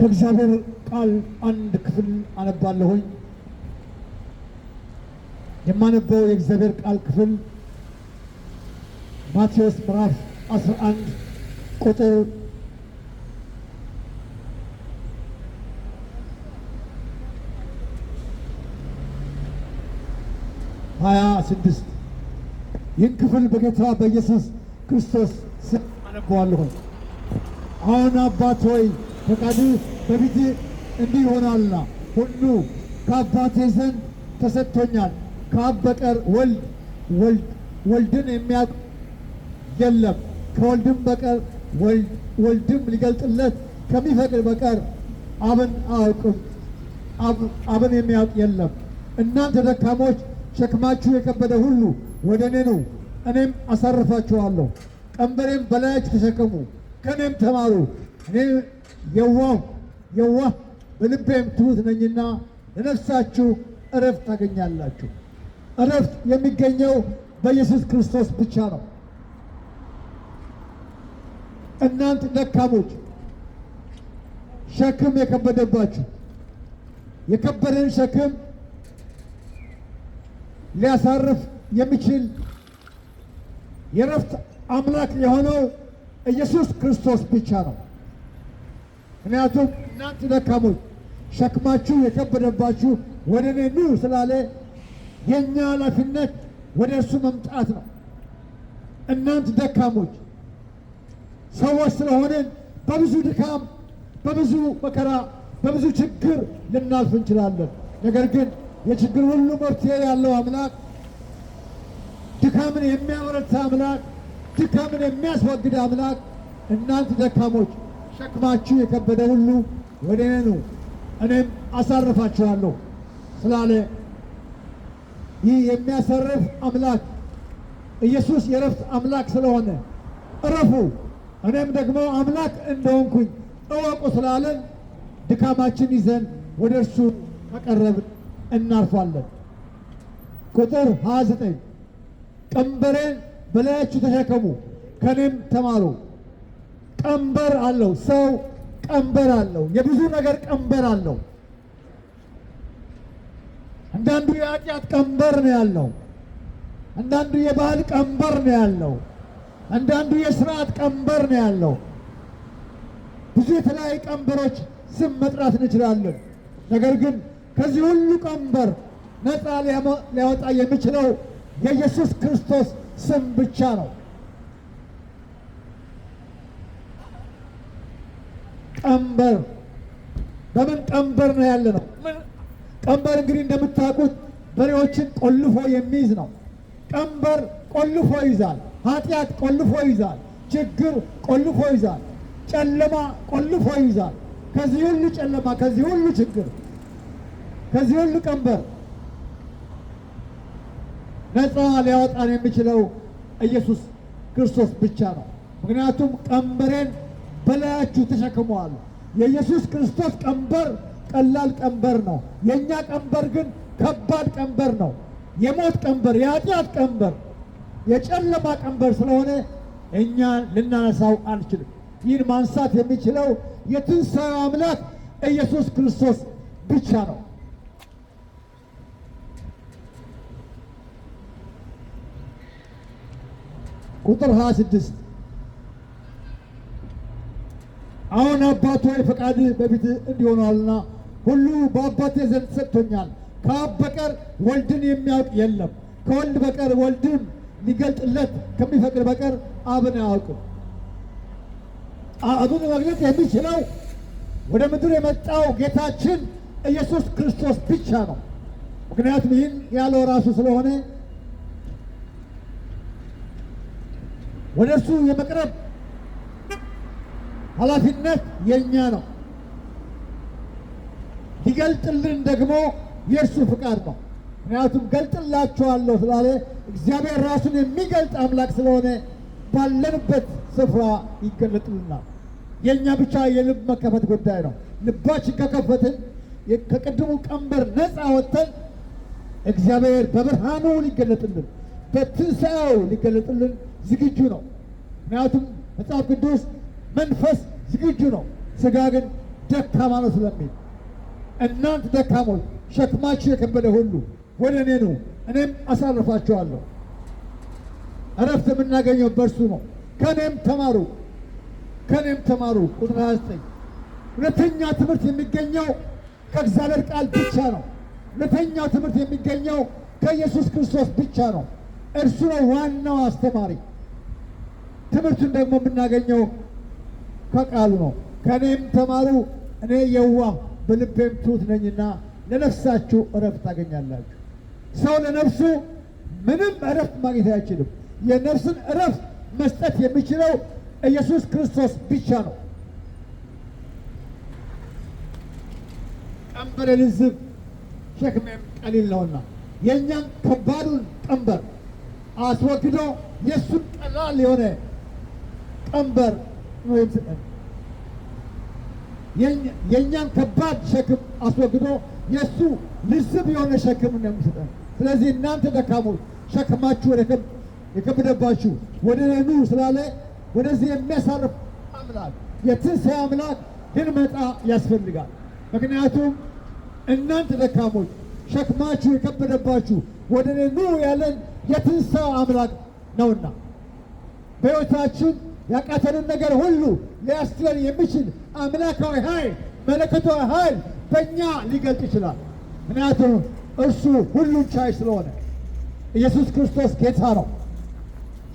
ከእግዚአብሔር ቃል አንድ ክፍል አነባለሁኝ። የማነበው የእግዚአብሔር ቃል ክፍል ማቴዎስ ምዕራፍ 11 ቁጥር ሀያ ስድስት ይህን ክፍል በጌታ በኢየሱስ ክርስቶስ ስም አነበዋለሁኝ። አሁን አባት ሆይ ፈቃዱ በፊት እንዲህ ይሆናልና ሁሉ ከአባቴ ዘንድ ተሰጥቶኛል። ከአብ በቀር ወልድ ወልድን የሚያውቅ የለም፣ ከወልድም በቀር ወልድም ሊገልጥለት ከሚፈቅድ በቀር አብን አያውቅም አብን የሚያውቅ የለም። እናንተ ደካሞች ሸክማችሁ የከበደ ሁሉ ወደ እኔ ኑ፣ እኔም አሳርፋችኋለሁ። ቀንበሬም በላያችሁ ተሸከሙ፣ ከእኔም ተማሩ የዋው የዋ በልቤም ትሑት ነኝና ለነፍሳችሁ እረፍት ታገኛላችሁ። እረፍት የሚገኘው በኢየሱስ ክርስቶስ ብቻ ነው። እናንት ደካሞች፣ ሸክም የከበደባችሁ የከበደን ሸክም ሊያሳርፍ የሚችል የእረፍት አምላክ የሆነው ኢየሱስ ክርስቶስ ብቻ ነው። ምክንያቱም እናንተ ደካሞች ሸክማችሁ የከበደባችሁ ወደ እኔ ኑ ስላለ የእኛ ኃላፊነት ወደ እርሱ መምጣት ነው። እናንት ደካሞች ሰዎች ስለሆንን በብዙ ድካም፣ በብዙ መከራ፣ በብዙ ችግር ልናልፍ እንችላለን። ነገር ግን የችግር ሁሉ መፍትሄ ያለው አምላክ፣ ድካምን የሚያበረታ አምላክ፣ ድካምን የሚያስወግድ አምላክ እናንት ደካሞች ሸክማችሁ የከበደ ሁሉ ወደ እኔ ኑ እኔም አሳርፋችኋለሁ ስላለ ይህ የሚያሳርፍ አምላክ ኢየሱስ የእረፍት አምላክ ስለሆነ እረፉ እኔም ደግሞ አምላክ እንደሆንኩኝ እወቁ ስላለን ድካማችን ይዘን ወደ እርሱ መቀረብ እናርፋለን። ቁጥር 29 ቀንበሬን በላያችሁ ተሸከሙ ከእኔም ተማሩ ቀንበር አለው። ሰው ቀንበር አለው። የብዙ ነገር ቀንበር አለው። አንዳንዱ የኃጢአት ቀንበር ነው ያለው። አንዳንዱ የባህል ቀንበር ነው ያለው። አንዳንዱ የስርዓት ቀንበር ነው ያለው። ብዙ የተለያዩ ቀንበሮች ስም መጥራት እንችላለን። ነገር ግን ከዚህ ሁሉ ቀንበር ነፃ ሊያወጣ የሚችለው የኢየሱስ ክርስቶስ ስም ብቻ ነው። ቀንበር በምን ቀንበር ነው ያለ ነው። ቀንበር እንግዲህ እንደምታውቁት በሬዎችን ቆልፎ የሚይዝ ነው። ቀንበር ቆልፎ ይዛል። ኃጢአት ቆልፎ ይዛል። ችግር ቆልፎ ይዛል። ጨለማ ቆልፎ ይዛል። ከዚህ ሁሉ ጨለማ፣ ከዚህ ሁሉ ችግር፣ ከዚህ ሁሉ ቀንበር ነፃ ሊያወጣን የሚችለው ኢየሱስ ክርስቶስ ብቻ ነው። ምክንያቱም ቀንበሬን በላያችሁ ተሸክመዋል። የኢየሱስ ክርስቶስ ቀንበር ቀላል ቀንበር ነው። የእኛ ቀንበር ግን ከባድ ቀንበር ነው። የሞት ቀንበር፣ የኃጢአት ቀንበር፣ የጨለማ ቀንበር ስለሆነ እኛ ልናነሳው አንችልም። ይህን ማንሳት የሚችለው የትንሣኤ አምላክ ኢየሱስ ክርስቶስ ብቻ ነው። ቁጥር 26 አሁን አባት ሆይ ፈቃድ በፊት እንዲሆኗልና ሁሉ በአባቴ ዘንድ ተሰጥቶኛል። ከአብ በቀር ወልድን የሚያውቅ የለም፣ ከወልድ በቀር ወልድን ሊገልጥለት ከሚፈቅድ በቀር አብን አያውቅም። አብን መግለጽ የሚችለው ወደ ምድር የመጣው ጌታችን ኢየሱስ ክርስቶስ ብቻ ነው። ምክንያቱም ይህን ያለው ራሱ ስለሆነ ወደ እርሱ የመቅረብ ኃላፊነት የእኛ ነው። ሊገልጥልን ደግሞ የእርሱ ፍቃድ ነው። ምክንያቱም ገልጥላችኋለሁ ስላለ እግዚአብሔር ራሱን የሚገልጥ አምላክ ስለሆነ ባለንበት ስፍራ ይገለጥልናል። የእኛ ብቻ የልብ መከፈት ጉዳይ ነው። ልባችን ከከፈትን ከቅድሙ ቀንበር ነፃ ወጥተን እግዚአብሔር በብርሃኑ ሊገለጥልን፣ በትንሣኤው ሊገለጥልን ዝግጁ ነው። ምክንያቱም መጽሐፍ ቅዱስ መንፈስ ዝግጁ ነው፣ ስጋ ግን ደካማ ነው ስለሚል እናንተ ደካሞች ሸክማችሁ የከበደ ሁሉ ወደ እኔ ነው፣ እኔም አሳርፋችኋለሁ። እረፍት የምናገኘው በእርሱ ነው። ከእኔም ተማሩ ከእኔም ተማሩ። ቁጥር 29 ሁለተኛ ትምህርት የሚገኘው ከእግዚአብሔር ቃል ብቻ ነው። ሁለተኛው ትምህርት የሚገኘው ከኢየሱስ ክርስቶስ ብቻ ነው። እርሱ ነው ዋናው አስተማሪ። ትምህርቱን ደግሞ የምናገኘው ከቃሉ ነው። ከእኔም ተማሩ እኔ የዋህ በልቤም ትሑት ነኝና ለነፍሳችሁ እረፍት ታገኛላችሁ። ሰው ለነፍሱ ምንም እረፍት ማግኘት አይችልም። የነፍስን እረፍት መስጠት የሚችለው ኢየሱስ ክርስቶስ ብቻ ነው። ቀንበር ልዝብ ሸክሜም ቀሊል ነውና የእኛን ከባዱን ቀንበር አስወግዶ የእሱን ቀላል የሆነ ቀንበር ነው የሚሰጠን። የእኛን ከባድ ሸክም አስወግዶ የእሱ ልስብ የሆነ ሸክም ነው የሚሰጠን። ስለዚህ እናንተ ደካሞች ሸክማችሁ የከበደባችሁ ወደ እኔ ኑ ስላለ ወደዚህ የሚያሳርፍ አምላክ የትንሣኤ አምላክ ግን መጣ ያስፈልጋል። ምክንያቱም እናንተ ደካሞች ሸክማችሁ የከበደባችሁ ወደ እኔ ኑ ያለን የትንሣኤ አምላክ ነውና በሕይወታችን ያቃተንን ነገር ሁሉ ሊያስችለን የሚችል አምላካዊ ኃይል መለኮታዊ ኃይል በእኛ ሊገልጥ ይችላል። ምክንያቱም እርሱ ሁሉን ቻይ ስለሆነ ኢየሱስ ክርስቶስ ጌታ ነው።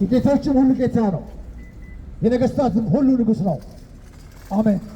የጌቶችም ሁሉ ጌታ ነው። የነገስታትም ሁሉ ንጉሥ ነው። አሜን።